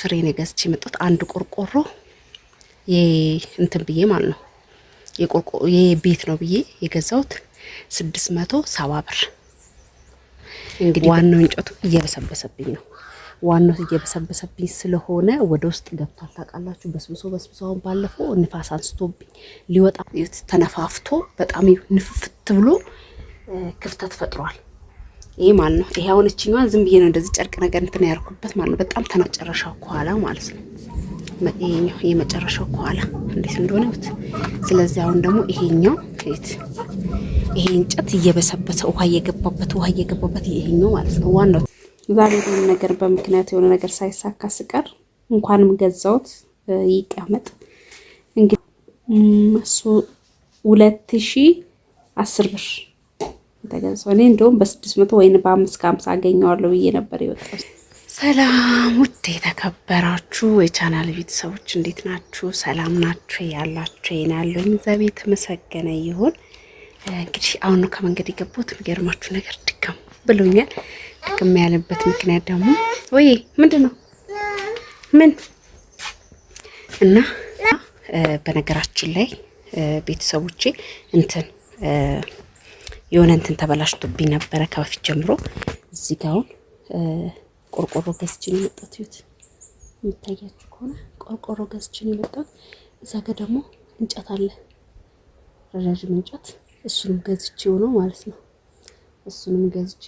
ፍሬ ነገስች ገዝቼ አንድ ቆርቆሮ እንትን ብዬ ማለት ነው የቤት ነው ብዬ የገዛሁት ስድስት መቶ ሰባ ብር። እንግዲህ ዋናው እንጨቱ እየበሰበሰብኝ ነው። ዋናው እየበሰበሰብኝ ስለሆነ ወደ ውስጥ ገብቷል። ታውቃላችሁ፣ በስብሶ በስብሶ አሁን ባለፈው ንፋስ አንስቶብኝ ሊወጣ ተነፋፍቶ በጣም ንፍፍት ብሎ ክፍተት ፈጥሯል። ይሄ ማለት ነው። ይሄ አሁን እችኛዋን ዝም ብዬ ነው እንደዚህ ጨርቅ ነገር እንትን ያርኩበት ማለት ነው። በጣም ተመጨረሻው ከኋላ ማለት ነው። ይሄኛው የመጨረሻው ከኋላ እንዴት እንደሆነ እዩት። ስለዚህ አሁን ደግሞ ይሄኛው ከየት ይሄ እንጨት እየበሰበሰ ውሃ እየገባበት ውሃ እየገባበት ይሄኛው ማለት ነው ዋናው ዛሬ የሆነ ነገር በምክንያት የሆነ ነገር ሳይሳካ ስቀር እንኳንም ገዛውት ይቀመጥ እንግዲህ እሱ ሁለት ሺህ አስር ብር ተገዝቶ እኔ እንደውም በስድስት መቶ ወይም በአምስት ከሀምሳ አገኘዋለሁ ብዬ ነበር የወጣው። ሰላም ውድ የተከበራችሁ የቻናል ቤተሰቦች እንዴት ናችሁ? ሰላም ናችሁ ያላችሁ ይናለሁ። ያለው እግዚአብሔር የተመሰገነ ይሁን። እንግዲህ አሁን ነው ከመንገድ የገባሁት። የሚገርማችሁ ነገር ድካም ብሎኛል። ድክም ያለበት ምክንያት ደግሞ ወይ ምንድን ነው ምን እና በነገራችን ላይ ቤተሰቦቼ እንትን የሆነ እንትን ተበላሽቶብኝ ነበረ ከበፊት ጀምሮ። እዚህ ጋ አሁን ቆርቆሮ ገዝችን የመጣት ዩት የሚታያችሁ ከሆነ ቆርቆሮ ገዝችን የመጣት እዛ ጋ ደግሞ እንጨት አለ ረዣዥም እንጨት እሱንም ገዝቼ ነው ማለት ነው። እሱንም ገዝቼ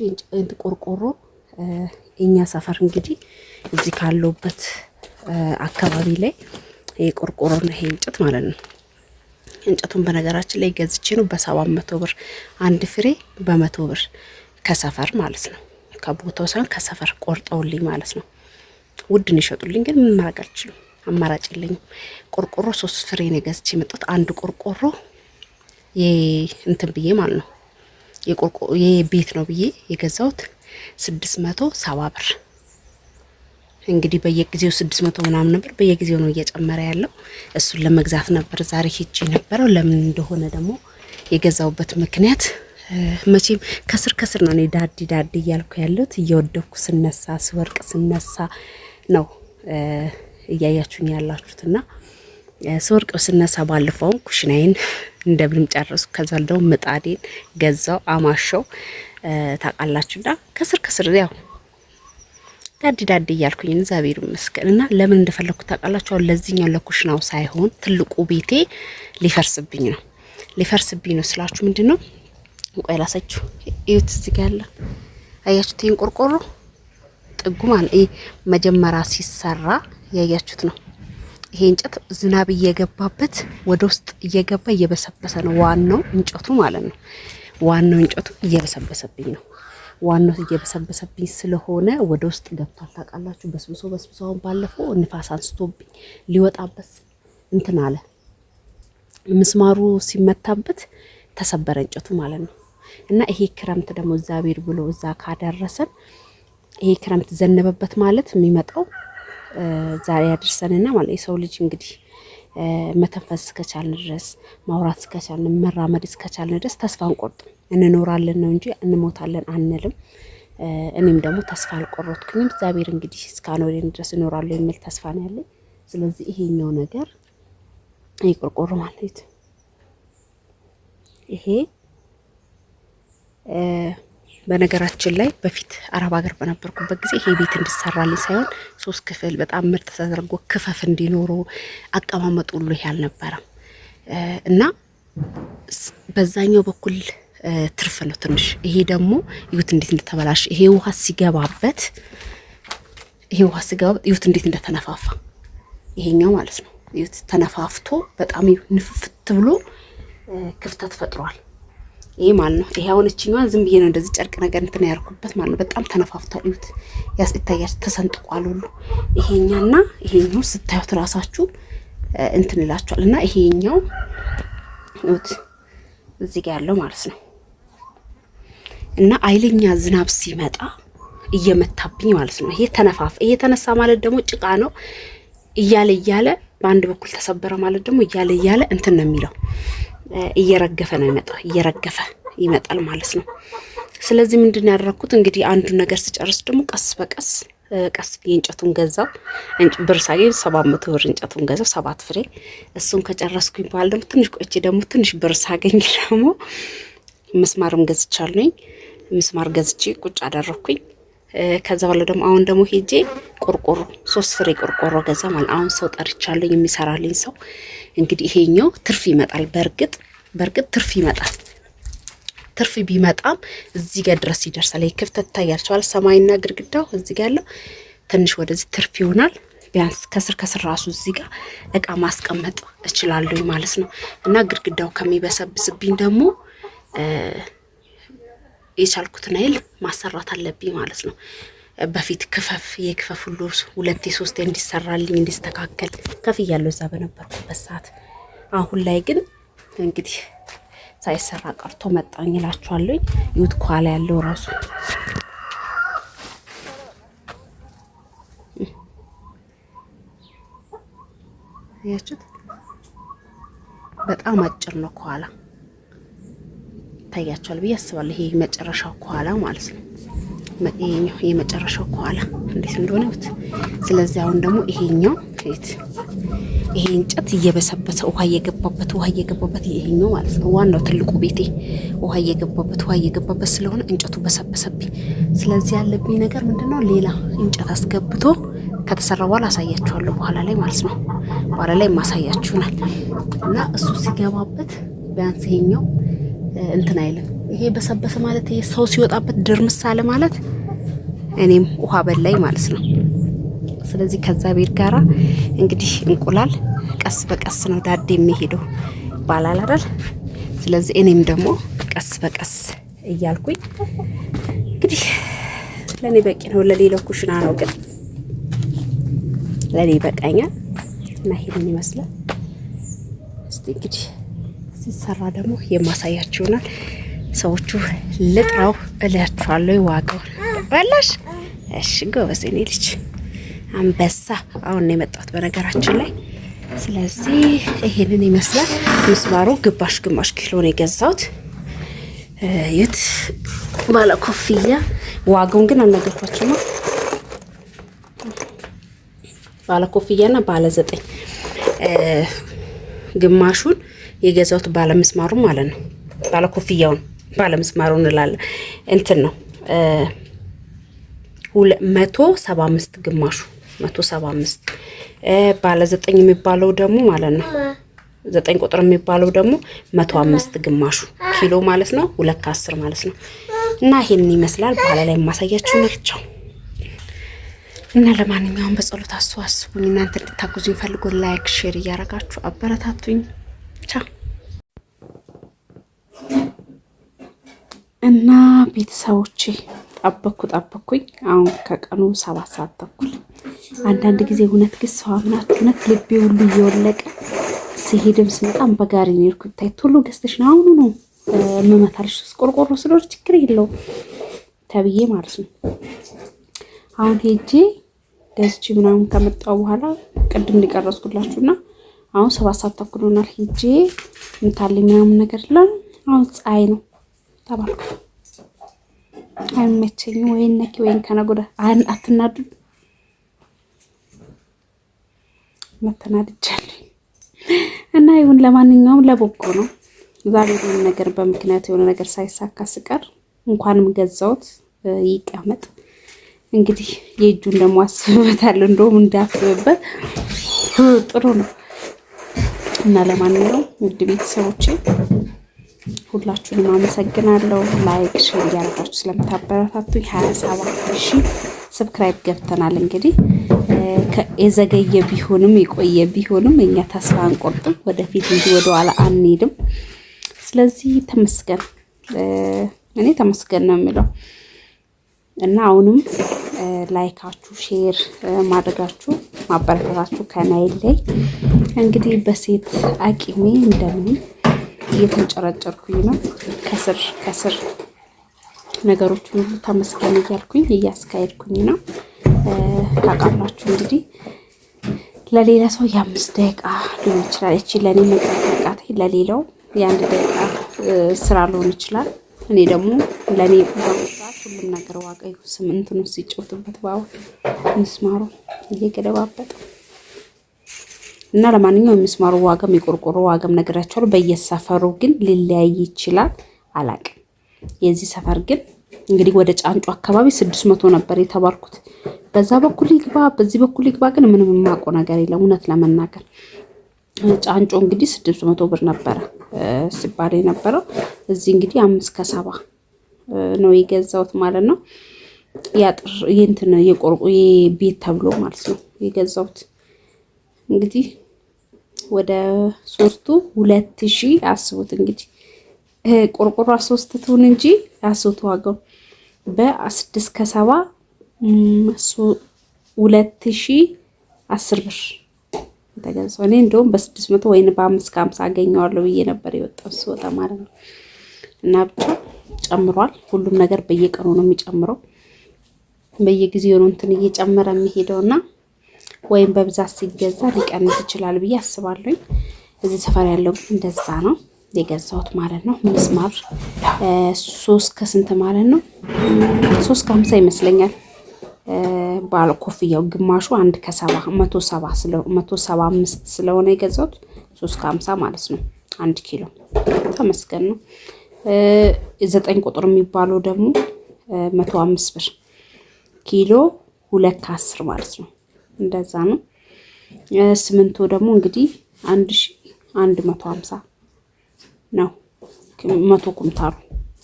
ቆርቆሮ የኛ ሰፈር እንግዲህ እዚህ ካለውበት አካባቢ ላይ ይሄ ቆርቆሮና ይሄ እንጨት ማለት ነው እንጨቱን በነገራችን ላይ ገዝቼ ነው በሰባት መቶ ብር አንድ ፍሬ በመቶ ብር ከሰፈር ማለት ነው ከቦታው ሳይሆን ከሰፈር ቆርጠውልኝ ማለት ነው። ውድን ይሸጡልኝ፣ ግን ምን ማድረግ አልችልም። አማራጭ የለኝም። ቆርቆሮ ሶስት ፍሬ ነው ገዝቼ የመጣሁት። አንድ ቆርቆሮ እንትን ብዬ ማለት ነው የቤት ነው ብዬ የገዛሁት ስድስት መቶ ሰባ ብር እንግዲህ በየጊዜው ስድስት መቶ ምናምን ነበር፣ በየጊዜው ነው እየጨመረ ያለው። እሱን ለመግዛት ነበር ዛሬ ሄጄ ነበረው። ለምን እንደሆነ ደግሞ የገዛውበት ምክንያት መቼም ከስር ከስር ነው እኔ ዳዲ ዳዲ እያልኩ ያለሁት እየወደኩ ስነሳ ስወርቅ ስነሳ ነው እያያችሁኝ ያላችሁትና ስወርቅ ስነሳ ባለፈውን ኩሽናዬን እንደምንም ጨረሱ። ከዛ ደግሞ ምጣዴን ገዛው አማሸው ታውቃላችሁና ከስር ከስር ያው ዳዲ ዳዲ እያልኩኝ እግዚአብሔር ይመስገን እና ለምን እንደፈለግኩ ታውቃላችሁ? ለዚህኛው ለኩሽናው ሳይሆን ትልቁ ቤቴ ሊፈርስብኝ ነው። ሊፈርስብኝ ነው ስላችሁ ምንድን ነው? እንቆይ ላሳችሁ። እዩት፣ እዚህ ጋር ያለ አያችሁት? ይህን ቆርቆሮ ጥጉ ማለት ይህ መጀመሪያ ሲሰራ ያያችሁት ነው። ይሄ እንጨት ዝናብ እየገባበት ወደ ውስጥ እየገባ እየበሰበሰ ነው። ዋናው እንጨቱ ማለት ነው። ዋናው እንጨቱ እየበሰበሰብኝ ነው። ዋናው እየበሰበሰብኝ ስለሆነ ወደ ውስጥ ገብቷል። ታውቃላችሁ በስብሶ በስብሶ አሁን ባለፈው ንፋስ አንስቶብኝ ሊወጣበት እንትን አለ። ምስማሩ ሲመታበት ተሰበረ እንጨቱ ማለት ነው። እና ይሄ ክረምት ደግሞ እግዚአብሔር ብሎ እዛ ካደረሰን ይሄ ክረምት ዘነበበት ማለት የሚመጣው ዛሬ ያደርሰንና ማለት የሰው ልጅ እንግዲህ መተንፈስ እስከቻልን ድረስ ማውራት እስከቻልን መራመድ እስከቻልን ድረስ ተስፋ አንቆርጥም። እንኖራለን ነው እንጂ እንሞታለን አንልም። እኔም ደግሞ ተስፋ አልቆረጥኩኝም። እግዚአብሔር እንግዲህ እስካሁን ወደ ድረስ እኖራለሁ የሚል ተስፋ ነው ያለኝ። ስለዚህ ይሄኛው ነገር ይሄ ቆርቆሮ ማለት ይሄ በነገራችን ላይ በፊት አረብ ሀገር በነበርኩበት ጊዜ ይሄ ቤት እንድሰራልኝ ሳይሆን ሶስት ክፍል በጣም ምርጥ ተደርጎ ክፈፍ እንዲኖሩ አቀማመጡ ሁሉ ይሄ አልነበረም እና በዛኛው በኩል ትርፍ ነው ትንሽ። ይሄ ደግሞ ይሁት እንዴት እንደተበላሽ ይሄ ውሃ ሲገባበት ይሄ ውሃ ሲገባበት ይሁት እንዴት እንደተነፋፋ ይሄኛው ማለት ነው። ይሁት ተነፋፍቶ በጣም ንፍፍት ብሎ ክፍተት ፈጥሯል። ይሄ ማለት ነው። ይሄ አሁን እችኛዋ ዝም ብዬ ነው እንደዚህ ጨርቅ ነገር እንትን ያርኩበት ማለት ነው። በጣም ተነፋፍቷል። ይሁት ያስ ይታያል፣ ተሰንጥቋል ሁሉ ይሄኛና ይሄኛው ስታዩት ራሳችሁ እንትን ይላችኋል እና ይሄኛው ይሁት እዚህ ጋር ያለው ማለት ነው እና አይለኛ ዝናብ ሲመጣ እየመታብኝ ማለት ነው። ይሄ ተነፋፍ ይሄ ተነሳ ማለት ደግሞ ጭቃ ነው እያለ እያለ በአንድ በኩል ተሰበረ ማለት ደግሞ እያለ እያለ እንትን ነው የሚለው እየረገፈ ነው የሚመጣው እየረገፈ ይመጣል ማለት ነው። ስለዚህ ምንድን ያደረግኩት እንግዲህ አንዱን ነገር ስጨርስ ደግሞ ቀስ በቀስ ቀስ እንጨቱን ገዛው ብር ሳገኝ ሰባት መቶ ብር እንጨቱን ገዛው ሰባት ፍሬ። እሱን ከጨረስኩኝ በኋላ ደግሞ ትንሽ ቆይቼ ደግሞ ትንሽ ብር ሳገኝ ደግሞ መስማርም ገዝቻለኝ። ሚስማር ገዝቼ ቁጭ አደረኩኝ። ከዛ በኋላ ደግሞ አሁን ደግሞ ሄጄ ቆርቆሮ ሶስት ፍሬ ቆርቆሮ ገዛ ማለት አሁን ሰው ጠርቻለኝ፣ የሚሰራልኝ ሰው እንግዲህ ይሄኛው ትርፍ ይመጣል። በእርግጥ በእርግጥ ትርፍ ይመጣል። ትርፍ ቢመጣም እዚህ ጋር ድረስ ይደርሳል። ይህ ክፍተት ታያቸዋል። ሰማይና ግድግዳው እዚህ ጋር ያለው ትንሽ ወደዚህ ትርፍ ይሆናል። ቢያንስ ከስር ከስር ራሱ እዚህ ጋር እቃ ማስቀመጥ እችላለሁ ማለት ነው እና ግድግዳው ከሚበሰብስብኝ ደግሞ የቻልኩት ያህል ማሰራት አለብኝ ማለት ነው። በፊት ክፈፍ የክፈፍ ሁሉ ሁለቴ ሶስቴ እንዲሰራልኝ እንዲስተካከል ከፍ እያለሁ እዛ በነበርኩበት ሰዓት፣ አሁን ላይ ግን እንግዲህ ሳይሰራ ቀርቶ መጣኝ እላችኋለሁ። ይሁት ከኋላ ያለው ራሱ ያችሁት በጣም አጭር ነው ከኋላ ይታያቸዋል ብዬ አስባለሁ። ይሄ መጨረሻው ከኋላ ማለት ነው። ይሄኛው የመጨረሻው ከኋላ እንዴት እንደሆነ ይሁት። ስለዚህ አሁን ደግሞ ይሄኛው ት ይሄ እንጨት እየበሰበሰ ውሃ እየገባበት ውሃ እየገባበት ይሄኛው ማለት ነው ዋናው ትልቁ ቤቴ ውሃ እየገባበት ውሃ እየገባበት ስለሆነ እንጨቱ በሰበሰብኝ። ስለዚህ ያለብኝ ነገር ምንድነው? ሌላ እንጨት አስገብቶ ከተሰራ በኋላ አሳያችኋለሁ በኋላ ላይ ማለት ነው። በኋላ ላይ ማሳያችሁናል እና እሱ ሲገባበት ቢያንስ ይሄኛው እንትን አይልም። ይሄ በሰበሰ ማለት ይሄ ሰው ሲወጣበት ድርምስ አለ ማለት እኔም ውሃ በላይ ማለት ነው። ስለዚህ ከዛ ቤት ጋራ እንግዲህ እንቁላል ቀስ በቀስ ነው ዳዴ የሚሄደው ይባላል አይደል? ስለዚህ እኔም ደግሞ ቀስ በቀስ እያልኩኝ እንግዲህ ለእኔ በቂ ነው። ለሌላው ኩሽና ነው ግን ለእኔ ይበቃኛል እና ይሄንን ይመስላል። እስቲ እንግዲህ ሲሰራ ደግሞ የማሳያችሁ ይሆናል። ሰዎቹ ልጥራው እላችኋለሁ። ዋጋው በላሽ። እሺ ጎበዝ የኔ ልጅ አንበሳ። አሁን ነው የመጣሁት በነገራችን ላይ ስለዚህ ይሄንን ይመስላል። ምስማሩ ግማሽ ግማሽ ኪሎ ነው የገዛሁት። የት ባለ ኮፍያ ዋጋውን ግን አልነገርኳችሁ ነው። ባለ ኮፍያና ባለ ዘጠኝ ግማሹን የገዛሁት ባለምስማሩ ማለት ነው። ባለኮፍያውን ባለምስማሩ እንላለን እንትን ነው መቶ ሰባ አምስት ግማሹ መቶ ሰባ አምስት ባለ ዘጠኝ የሚባለው ደግሞ ማለት ነው ዘጠኝ ቁጥር የሚባለው ደግሞ መቶ አምስት ግማሹ ኪሎ ማለት ነው። ሁለት ከአስር ማለት ነው። እና ይሄንን ይመስላል በኋላ ላይ የማሳያችሁ ናቸው። እና ለማንኛውም በጸሎት አስዋስቡኝ እናንተ እንድታግዙኝ ፈልጎ ላይክ ሼር እያረጋችሁ አበረታቱኝ። ናቸው እና ቤተሰቦቼ ጠበኩ ጠበኩኝ። አሁን ከቀኑ ሰባት ሰዓት ተኩል አንዳንድ ጊዜ እውነት ግን ሰው አምናችሁ እውነት ልቤ ሁሉ እየወለቀ ሲሄድም ስመጣም በጋሪ ነው የሄድኩት። ታይ ቶሎ ገዝተሽ ነው አሁኑ ነው የምመታልሽ ውስጥ ቆርቆሮ ስለሆነ ችግር የለውም ተብዬ ማለት ነው። አሁን ሄጄ ገዝቼ ምናምን ከመጣሁ በኋላ ቅድም ሊቀረጽኩላችሁና አሁን ሰባት ሰዓት ተኩል ሆኗል። ሂጄ ምታል ምናምን ነገር ላ አሁን ፀሐይ ነው ተባልኩ። አይመቸኝ ወይን ነኪ ወይን ከነጎዳ አትናዱ መተናድጃለሁ እና ይሁን ለማንኛውም ለበጎ ነው። ዛሬ ምን ነገር በምክንያት የሆነ ነገር ሳይሳካ ስቀር እንኳንም ገዛሁት ይቀመጥ። እንግዲህ የእጁን ደግሞ አስብበታለሁ። እንደውም እንዳስብበት ጥሩ ነው። እና ለማንኛውም ውድ ቤተሰቦቼ ሁላችሁንም አመሰግናለሁ። ላይክ ሼር እያደረጋችሁ ስለምታበረታቱኝ ሀያ ሰባት ሰብስክራይብ ገብተናል። እንግዲህ የዘገየ ቢሆንም የቆየ ቢሆንም እኛ ተስፋ አንቆርጥም፣ ወደፊት እንጂ ወደኋላ አንሄድም። ስለዚህ ተመስገን፣ እኔ ተመስገን ነው የሚለው እና አሁንም ላይካችሁ ሼር ማድረጋችሁ ማበረታታችሁ ከናይል ላይ እንግዲህ በሴት አቂሜ እንደምን እየተንጨረጨርኩኝ ነው። ከስር ከስር ነገሮችን ሁሉ ተመስገን እያልኩኝ እያስካሄድኩኝ ነው። ታውቃላችሁ እንግዲህ ለሌላ ሰው የአምስት ደቂቃ ሊሆን ይችላል። እቺ ለእኔ መጠቃቃቴ ለሌላው የአንድ ደቂቃ ስራ ሊሆን ይችላል። እኔ ደግሞ ለእኔ ባሁን ሁሉም ነገር ዋጋ ስምንትን ውስጥ ሲጫወትበት ባሁን ምስማሩ እየገለባበጠ እና ለማንኛውም የምስማሩ ዋጋም የቆርቆሮ ዋጋም ነገራቸዋል። በየሰፈሩ ግን ሊለያይ ይችላል። አላቅም የዚህ ሰፈር ግን እንግዲህ ወደ ጫንጮ አካባቢ ስድስት መቶ ነበር የተባልኩት። በዛ በኩል ይግባ በዚህ በኩል ይግባ ግን ምንም የማውቀው ነገር የለም እውነት ለመናገር ጫንጮ እንግዲህ ስድስት መቶ ብር ነበረ ሲባል የነበረው እዚህ እንግዲህ አምስት ከሰባ ነው የገዛሁት ማለት ነው። ያጥር የእንትን የቆርቆ የቤት ተብሎ ማለት ነው የገዛሁት እንግዲህ ወደ ሶስቱ ሁለት ሺ አስቡት እንግዲህ ቆርቆሮ ሶስት ትሁን እንጂ አስቡት ዋጋው በስድስት ከሰባ ሁለት ሺ አስር ብር ተገዛው። እኔ እንደውም በስድስት መቶ ወይም በአምስት ከሀምሳ አገኘዋለሁ ብዬ ነበር የወጣው ስወጣ ማለት ነው። እና ብቻ ጨምሯል። ሁሉም ነገር በየቀኑ ነው የሚጨምረው። በየጊዜው ነው እንትን እየጨመረ የሚሄደው እና ወይም በብዛት ሲገዛ ሊቀንስ ይችላል ብዬ አስባለሁኝ። እዚህ ሰፈር ያለው ግን እንደዛ ነው የገዛሁት ማለት ነው። ምስማር ሶስት ከስንት ማለት ነው? ሶስት ከሀምሳ ይመስለኛል። ባለ ኮፍያው ግማሹ አንድ ከሰባ መቶ ሰባ መቶ ሰባ አምስት ስለሆነ የገዛሁት ሶስት ከሀምሳ ማለት ነው። አንድ ኪሎ ተመስገን ነው። ዘጠኝ ቁጥር የሚባለው ደግሞ መቶ አምስት ብር ኪሎ ሁለት ከአስር ማለት ነው። እንደዛ ነው። ስምንቶ ደግሞ እንግዲህ አንድ ሺ አንድ መቶ ሀምሳ ነው መቶ ኩምታሩ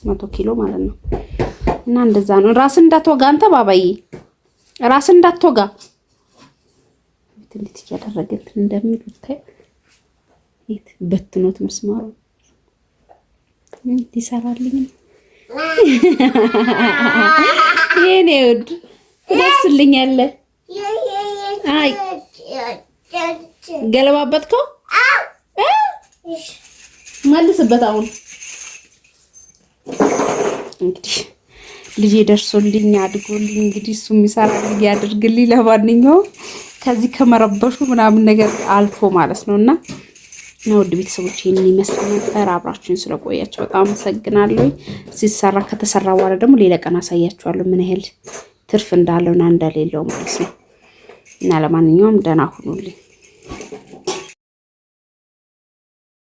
መቶ ኪሎ ማለት ነው። እና እንደዛ ነው። ራስን እንዳትወጋ አንተ ባባዬ፣ ራስን እንዳትወጋ እንዴት እያደረገ እንደሚል ብታይ በትኖት መስማሩ ይሰራልኝ የኔ ውድ ትደርስልኛለ። አይ ገለባበጥከው፣ መልስበት። አሁን እንግዲህ ልጄ ደርሶልኝ አድጎልኝ እንግዲህ እሱ የሚሰራልኝ ያድርግልኝ። ለማንኛውም ከዚህ ከመረበሹ ምናምን ነገር አልፎ ማለት ነው እና እና ውድ ቤተሰቦች ይህንን ይመስል ነበር። አብራችሁን ስለቆያቸው በጣም አመሰግናለሁ። ሲሰራ ከተሰራ በኋላ ደግሞ ሌላ ቀን አሳያችኋለሁ ምን ያህል ትርፍ እንዳለውና እንደሌለው ማለት ነው። እና ለማንኛውም ደህና ሁኑልኝ።